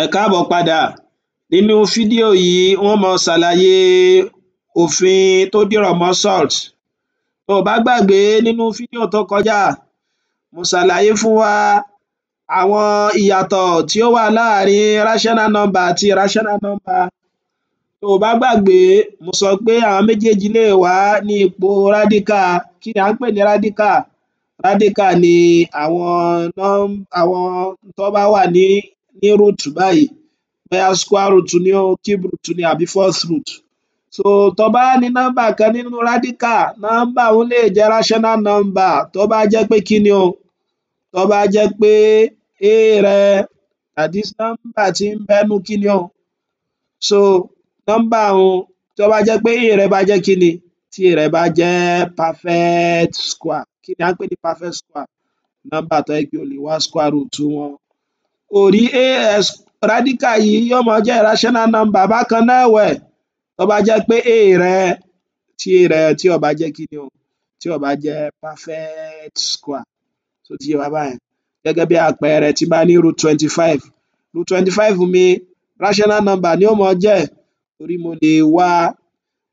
Ẹ káàbọ̀ padà nínú fídíò yìí n ó máa ṣàlàyé òfin tó dìrọ̀ mọ́ salt tó o bá gbàgbé nínú fídíò tó kọjá mo ṣàlàyé fún wa àwọn ìyàtọ̀ tí ó wà láàrin rational number àti irrational number tó o bá gbàgbé mo sọ pé àwọn méjèèjì lè wà ní ipò radical kí ni à ń pè ní radical radical ni àwọn nọ́m àwọn tó bá wà ní ní root báyìí bóyá square root ni o cube root ni àbí false root so tó bá ní nọ́mbà kan nínú radical nọ́mbà òun lè jẹ́ rational number tó bá jẹ́ pé kí ni o tó bá jẹ́ pé a rẹ that is nọ́mbà ń bẹnu kí ni o so nọ́mbà òun tó bá jẹ́ pé a rẹ bá jẹ́ kí ni tí rẹ bá jẹ́ perfect square kí ni à ń pè ní perfect square nọ́mbà tó yẹ kí o lè wá square root wọn òrí as radical yìí yóò máa jẹ́ irrational number bákan náà ẹ̀wẹ̀ tó bá jẹ́ pé a rẹ tí a rẹ tí ó bá jẹ́ o tí ó bá perfect square tó ti yé wa báyẹn gẹ́gẹ́ bí àpẹẹrẹ tí bá ní root twenty five root twenty five mi rational number ni ó máa jẹ́ torí mo lè wá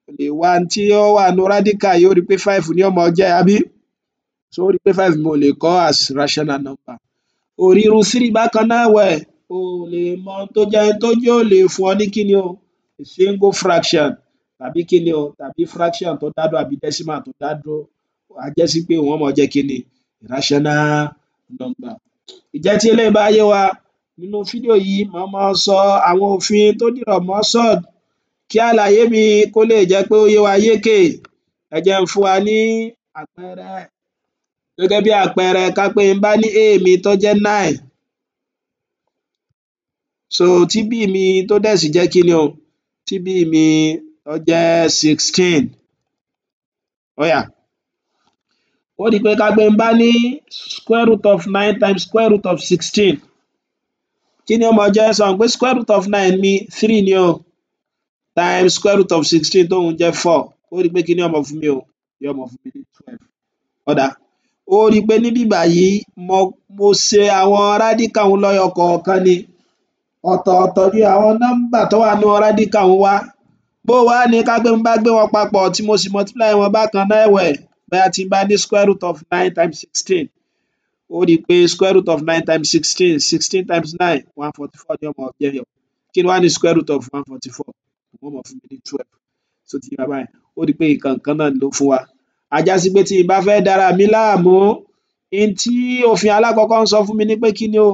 mo lè wá tí ó wà nínú radical yìí ó rí pé five ni ó máa jẹ́ àbí so ó rí pé five mo lè kọ as rational number ò ríru sí rí bákan náà wẹ̀ o ò lè mọ ohun tó jẹ́ tó yóò lè fún ọ ní kíni o a single fraction tàbí kíni o tàbí fraction tó dá dúró àbí decimal tó dá dúró á jẹ́ sí pé wọ́n máa jẹ́ kíni irrational number. Ǹjẹ́ tí eléyìí bá yé wa nínú fídíò yìí màá máa sọ àwọn òfin tó dìrọ̀ mọ́ sword kí àlàyé mi kó lè jẹ́ pé ó yé wa yékè ẹ jẹ́ ń fún wa ní àpẹẹrẹ gẹ́gẹ́ bí àpẹẹrẹ ká pé n bá ní a tó jẹ́ nine so tí b mi tó dẹ̀ sì jẹ́ kíni o tí mi tó jẹ́ sixteen ó yá ó di pé ká pé n bá ní square root of nine times square root of sixteen kí ni ó jẹ́ sọ pé square root of nine mi three ni o times square root of sixteen tóun jẹ́ four ó rí i pé kí ni ó fún mi o yóò máa fún mi ní twelve ó ó rí pé níbí báyìí mo ṣe àwọn rádíkà un lọ́yọ kọ̀ọ̀kan ni ọ̀tọ̀ọ̀tọ̀ ni àwọn nọ́mbà tó wà nínú rádíkà un wá bó wá ní ká pé mo bá gbé wọn papọ̀ tí mo sì multiply wọn bákan náà ẹ̀wẹ̀ bóyá tí n bá ní square root of nine times sixteen ó rí i pé square root of nine times sixteen sixteen times nine one forty four ni ọmọ ọ̀jẹ̀ yọ kí ni wá ní square root of one forty four wọ́n mọ̀ fún mi ní twelve so ti yí bàbá yẹn ó rí i pé nǹkan kan náà ló fún wa a já sí pé tí n bá fẹ́ dára mi láàmú n tí òfin alákọ̀ọ́kọ́ ń sọ fún mi ni pé kí ni o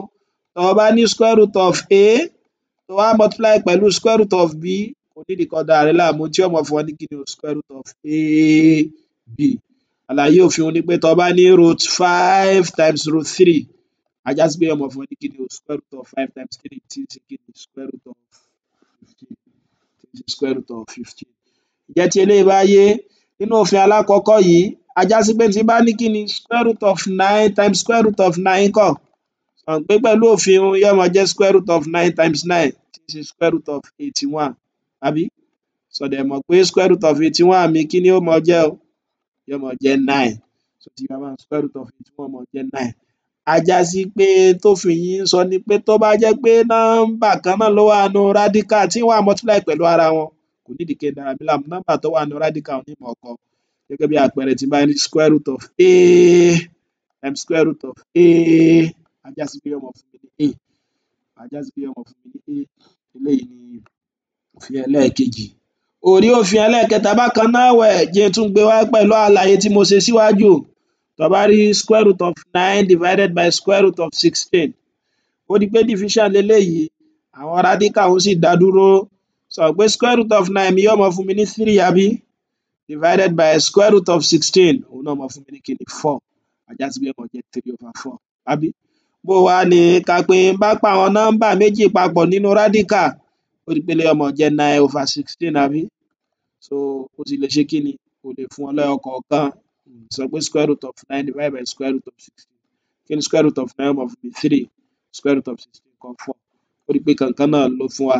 tó o bá ní square root of a tó wá multiply pẹ̀lú square root of b kò nídìí kan dára rẹ láàmú tí ó fún ọ ní kí ni o square root of ab àlàyé òfin ni pé tó o bá ní root five times root three a já sí pé ó fún ọ ní kí ni o square root of five times three tí ń ṣe kí ni square root of fifteen tí ń ṣe square root of fifteen ǹjẹ́ tí eléyìí bá yé nínú òfin alákọ̀ọ́kọ́ yìí a já sí pé tí n bá ní kí ni square root of nine times square root of nine kọ́ mọ̀ pé pẹ̀lú òfin yóò máa jẹ́ square root of nine times nine tí í ṣe square root of eighty-one àbí so dẹ̀ mọ̀ pé square root of eighty-one mi kí ni ó máa jẹ́ o yóò máa jẹ́ nine so tí a bá square root of eighty-one máa jẹ́ nine a já sí pé tófin yìí ń sọ ni pé tó bá jẹ́ pé nọ́mbà kan náà ló wà nínú radical tí wọ́n á multiply pẹ̀lú ara wọn kò nídìí kẹ́ dára mi láàmú nọ́mbà tó wà nínú radical ní ọkọ gẹ́gẹ́ bí àpẹẹrẹ tí n bá ní square root of a times square root of a ajá sí pé ọmọ fún mi ní a ajá sí pé ọmọ fún mi ní a eléyìí ni òfin ẹlẹ́ẹ̀kejì orí òfin ẹlẹ́ẹ̀kẹta bákan náà wẹ̀ jẹ́ tún gbé wá pẹ̀lú àlàyé tí mo ṣe síwájú tó rí square root of nine divided by square root of sixteen ó di pé division leléyìí àwọn radical òun sì dá dúró so pé square root of nine mi of máa fún mi three divided by square root of sixteen òun of máa fún mi ní kíni four ajá sí bí ọmọ jẹ three over four àbí bó wàá ní ká pé n pa àwọn nọ́mbà méjì papọ̀ nínú radical ó di pélé over sixteen àbí so ó sì lè ṣe kíni kò lè fún ọ lẹ́yọ kọ̀ọ̀kan square root of nine divided by square root of sixteen kí square root of nine ọmọ fún mi three square root of sixteen kan four ó di pé kankan náà ló fún wa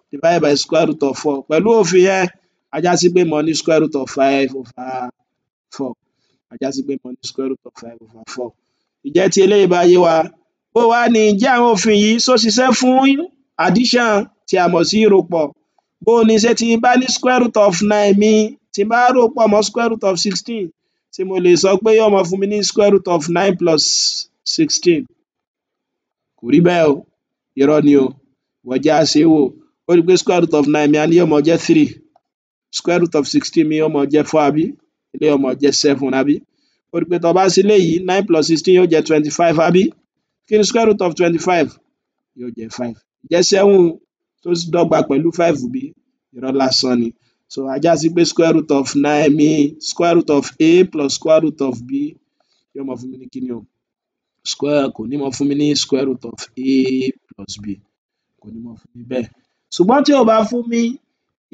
Divide by square root of four pẹ̀lú òfin yẹn ajá sí pé mo ní square root of five over four ajá sí pé mo ní square root of five over four ìjẹ́ tí eléyìí bá yé wa bó wá ní ìjẹ́ àwọn òfin yìí só ṣiṣẹ́ fún addition tí a mọ̀ sí ìròpọ̀ bó ní ṣe tí bá ní square root of nine mi ti bá rò pọ̀ mọ́ square root of sixteen tí mo lè sọ pé yóò mọ fún mi ní square root of nine plus sixteen kò rí bẹ́ẹ̀ o irọ́ ni o wọ́n já ṣe wò ó rí i pé square root of nine mi a ní yóò mọ three square root of sixteen mi yóò mọ four àbí ilé yóò mọ seven àbí ó rí i pé tó bá sí léyìí nine plus sixteen yóò jẹ́ twenty five àbí kí ni square root of twenty five yóò jẹ́ five jẹ́ seven tó dọ́gba pẹ̀lú five bí irọ́ lásán ni so ajá sí pé square root of nine mi square root of a plus square root of b yóò mọ fún mi ní kíni o square kò ní mọ fún mi ní square root of a plus b kò ní mọ fún mi bẹ́ẹ̀ ṣùgbọ́n tí ò bá fún mi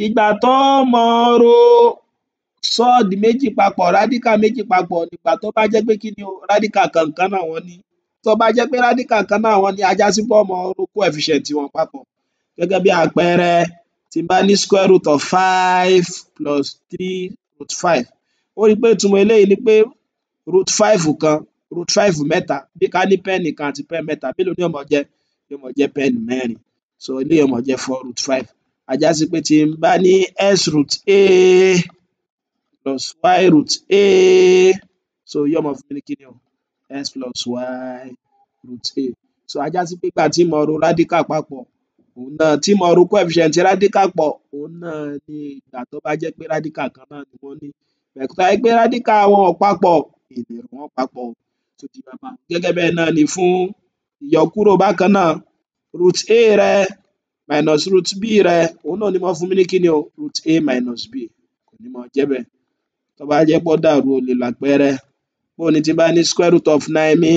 ìgbà tọ́mọ ro sọ́ọ̀dì méjì papọ̀ rádíkà méjì papọ̀ nígbà tó bá jẹ́ pé kí ni o rádíkà kọ̀ọ̀kan náà wọ́n ní tó bá jẹ́ pé rádíkà kan náà wọ́n ní ajá sí pọ́ọ̀mọ ro coefficient wọn papọ̀ gẹ́gẹ́ bí àpẹẹrẹ tí bá ní square root of five plus three root five ó rí i pé ìtumọ̀ eléyìí ni pé root five kan root five mẹ́ta bí ká ní pẹ́ẹ̀nì kan àti pẹ́ẹ̀n mẹ́ta mélòó ni yóò mọ jẹ́ yóò mọ jẹ́ pẹ́ẹ̀nì mẹ́rin so eléyìí ó máa four root five a já sí pé tí n bá ní x root a plus y root a so yóò máa fún mi ní kíni o x plus y root a so a já sí pé ìgbà tí mo ro radical papọ̀ òun náà tí mo ro coefficient radical pọ̀ òun náà ni ìgbà tó bá jẹ́ pé radical kan náà ni wọ́n ní vector ẹgbẹ́ radical wọn ò papọ̀ èdè wọn papọ̀ gẹ́gẹ́ bẹ́ẹ̀ náà ni fún ìyọkúrò bákan náà root a rẹ minus root b rẹ òun náà ni mo fún mi ní kíni o root a minus b kò ní mọ jẹ́ bẹ́ẹ̀ tó bá jẹ́ pọ́ dàrú o lè ni square root of nine mi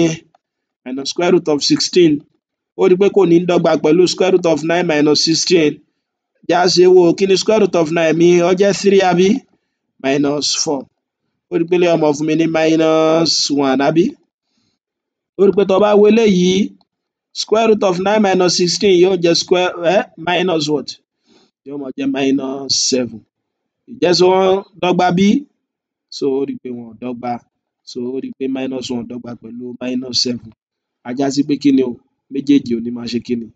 minus square root of sixteen ó rí i pé kò ní pẹ̀lú square root of nine minus sixteen já ṣe wo kí ni square root of nine mi ó jẹ́ three àbí minus four ó rí i pé lè ọmọ fún mi ní minus one àbí ó rí i pé square root of nine minus sixteen yóò jẹ́ square eh, minus what yóò máa jẹ́ minus seven ìjẹ́ sọ wọ́n dọ́gba bí so ó rí i pé wọn ò so ó rí i pé minus one dọ́gba pẹ̀lú minus seven ajá sí pé kí ni o méjèèjì ò ní máa ṣe kí ni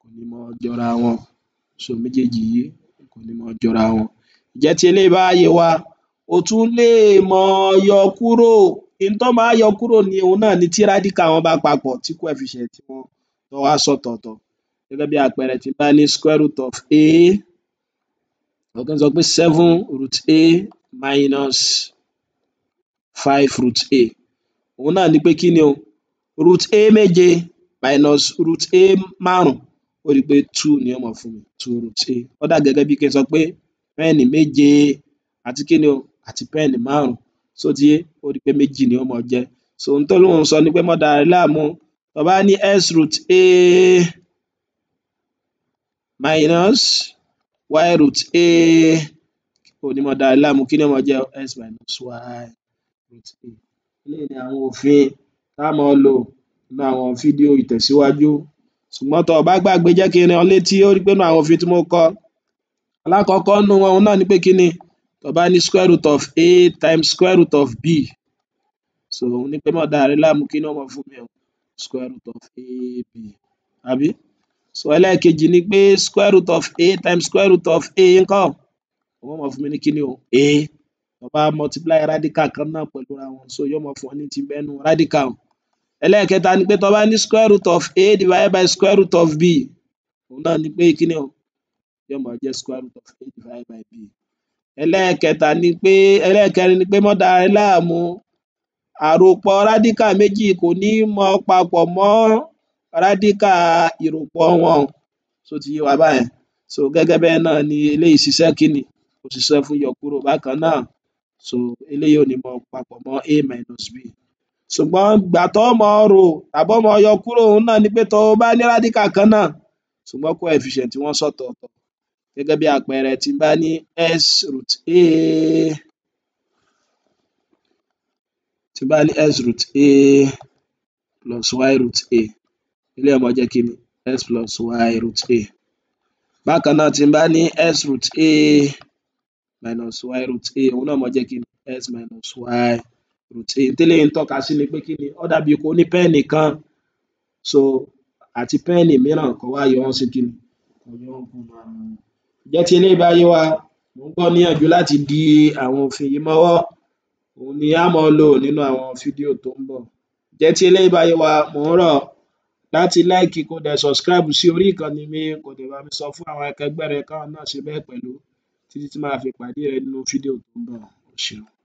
kò ní máa jọra wọn so méjèèjì yìí kò ní máa jọra wọn ìjẹ́ tí eléyìí bá yé wa o tún lè mọ yọ kúrò n máa yọ kúrò ní òun náà ni tí rádíkà wọn bá papọ̀ tí coefficient wọn tó wá sọ́tọ̀ọ̀tọ̀ gẹ́gẹ́ bí àpẹẹrẹ tí n bá ní square root of a or sọ pé seven root a minus five root a òun náà ni pé kí ni o root a méje minus root a márùn ó rí i pé two ni ó máa fún mi two root a ó dà gẹ́gẹ́ bí kí n sọ pé pẹ́ẹ̀nì méje àti kí ni o àti pẹ́ẹ̀nì márùn-ún yé ó rí i pé méjì ni ó máa jẹ́ so ohun tó lóun sọ ni pé má dàá rẹ láàmú tá a bá ní x root a minus y root a ò ní máa dára láàmú kí ni ó máa jẹ́ x minus y root a eléyìí ni àwọn òfin tá a máa lò nínú àwọn fídíò ìtẹ̀síwájú ṣùgbọ́n tó o bá gbàgbé jẹ́ kí n rán ọ létí ó rí pé nínú àwọn òfin tí mo kọ alákọ̀ọ́kọ́ nínú wọn òun náà ni pé kí ni tó o bá ní square root of a times square root of b so òun ni pé má dàá rẹ láàmú kí ni ó máa fún mi o square root of a b. àbí so ẹlẹ́ẹ̀kejì ni pé square root of a times square root of a ńkọ́ wọ́n mọ̀ fún mi ní kíni o a wọ́n bá multiply radical kan náà pẹ̀lú ra wọn so yóò mọ̀ fún ọ ní ti bẹ́nu radical ẹlẹ́ẹ̀kẹta ni pé tó bá ní square root of a divided by square root of b òun náà ni pé kíni o yóò mọ̀ jẹ́ square root of a divided by b ẹlẹ́ẹ̀kẹta ni pé ẹlẹ́ẹ̀kẹrin ni pé mọ́dà rẹ láàmú Àròpọ̀ rádíkà méjì kò ní mọ papọ̀ mọ́ rádíkà ìròpọ̀ wọn ṣó ti yé wa báyẹn so gẹ́gẹ́ bẹ́ẹ̀ náà ni eléyìí ṣiṣẹ́ kíni ó ṣiṣẹ́ fún yọkúrò bákan náà so eléyìí ò ní mọ papọ̀ mọ́ a minus b ṣùgbọ́n ìgbà tó mọ rò tàbí ọmọ yọ òun náà ni pé tó bá ní rádíkà kan náà ṣùgbọ́n coefficient wọn sọ́tọ̀ọ̀tọ̀ gẹ́gẹ́ bí àpẹẹrẹ tí bá ní s root a Tí n bá ní x root a plus y root a eléyìí ó máa jẹ́ kí ni x plus y root a. Bákan náà tí n bá ní x root a minus y root a òhun náà máa jẹ́ kí ni x minus y root a. N téléyìí ń tọ́ka sí ni pé kí ni ó dà bí ní pẹ́ẹ̀nì kan so àti pẹ́ẹ̀nì mìíràn kó wá yọ wọ́n sí kí ni kó yọ wọ́n kúnra wọn. Ǹjẹ́ tí eléyìí bá yé wa mò ń gbà níyànjú láti di àwọn òfin yìí mọ́wọ́ òun ni a máa lò nínú àwọn fídíò tó ń bọ̀. Ǹjẹ́ tí eléyìí bá yé wa mò ń rọ̀ ọ́ láti láìkì kó dẹ̀ sọ̀scribe sí orí ìkànnì mi kó dẹ̀ bá mi sọ fún àwọn akẹgbẹ́ rẹ káwọn náà ṣe bẹ́ẹ̀ pẹ̀lú títí tí màá fi pàdé rẹ nínú fídíò tó ń bọ̀. O ṣeun.